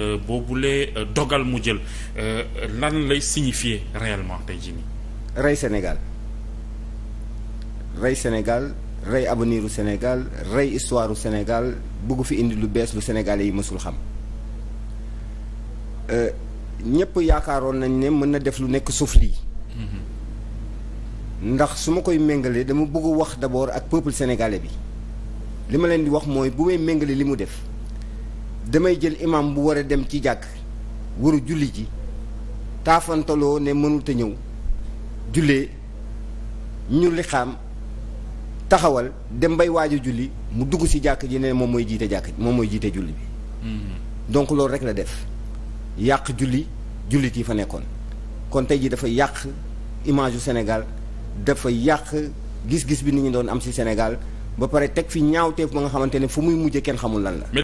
Euh, boobule euh, dogal mu jël euh, lan lay signifier réellement tey jii rey Sénégal rey Sénégal rey avenir u Sénégal rey histoire Sénégal bëgg fi indi lu bees lu Sénégalais yi mësul xam ñëpp yaakaaroon nañ ne mën na def lu nekk suuf lii. Mhm. ndax su ma koy méngalee dama bëgg wax d'abord ak peuple sénégalais bi li ma leen di wax mooy bu may méngale li mu def. damay jël imam bu war a dem ci jàkk waru julli ji taafantaloo ne mënul ñëw jullee ñu li xaam taxawal dem bay waaj julli mu dugg si jàkk ji ne moom mooy jiite jàkk ji moom mooy jiite julli bi mm-hmm. donc loolu rek la def yàq julli jullit yi fa nekkoon kon tey jii dafa yàq image yu Sénégal dafa yàq gis-gis bi nit ñi doon am si senegal ba pare teg fi ñaawteef ba nga xamante ne fu muy mujje kenn xamul lan la